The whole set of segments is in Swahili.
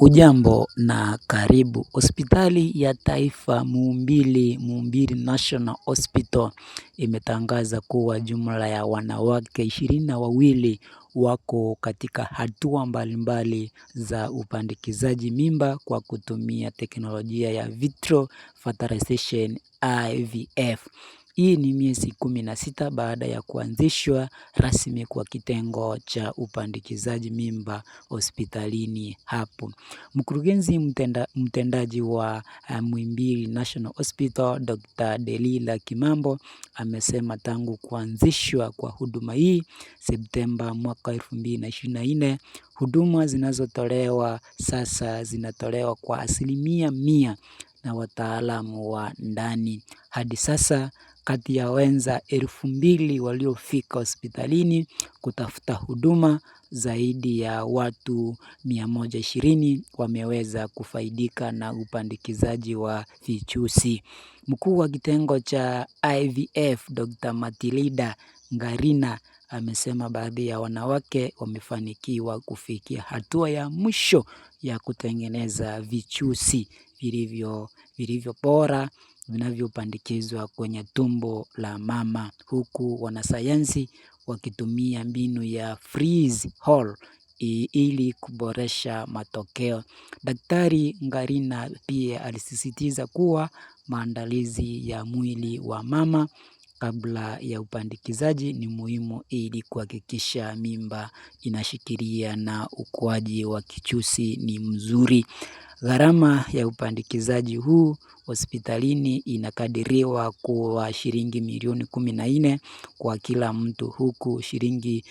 ujambo na karibu. Hospitali ya taifa Muhimbili, Muhimbili National Hospital imetangaza kuwa jumla ya wanawake ishirini na wawili wako katika hatua mbalimbali za upandikizaji mimba kwa kutumia teknolojia ya Vitro Fertilization IVF. Hii ni miezi kumi na sita baada ya kuanzishwa rasmi kwa kitengo cha upandikizaji mimba hospitalini hapo. Mkurugenzi mtenda, mtendaji wa uh, Muhimbili National Hospital Dr. Delila Kimambo amesema tangu kuanzishwa kwa huduma hii Septemba mwaka 2024 huduma zinazotolewa sasa zinatolewa kwa asilimia mia na wataalamu wa ndani. Hadi sasa kati ya wenza elfu mbili waliofika hospitalini kutafuta huduma. Zaidi ya watu mia moja ishirini wameweza kufaidika na upandikizaji wa vichusi. Mkuu wa kitengo cha IVF Dr. matilida Ngarina amesema baadhi ya wanawake wamefanikiwa kufikia hatua ya mwisho ya kutengeneza vichusi vilivyo vilivyo bora vinavyopandikizwa kwenye tumbo la mama, huku wanasayansi wakitumia mbinu ya freeze hall ili kuboresha matokeo. Daktari Ngarina pia alisisitiza kuwa maandalizi ya mwili wa mama kabla ya upandikizaji ni muhimu ili kuhakikisha mimba inashikilia na ukuaji wa kichusi ni mzuri. Gharama ya upandikizaji huu hospitalini inakadiriwa kuwa shilingi milioni kumi na nne kwa kila mtu huku shilingi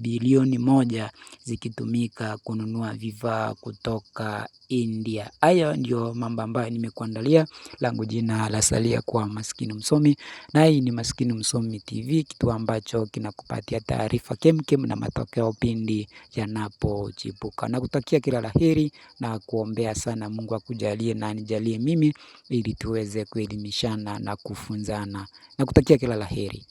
bilioni moja zikitumika kununua vifaa kutoka India. Hayo ndio mambo ambayo nimekuandalia, langu jina la salia kwa Maskini Msomi na hii ni Maskini Msomi TV, kitu ambacho kinakupatia taarifa kemkem na matokeo pindi yanapochipuka. Nakutakia kila laheri na kuombea naombea sana Mungu akujalie na anijalie mimi, ili tuweze kuelimishana na kufunzana na kutakia kila la heri.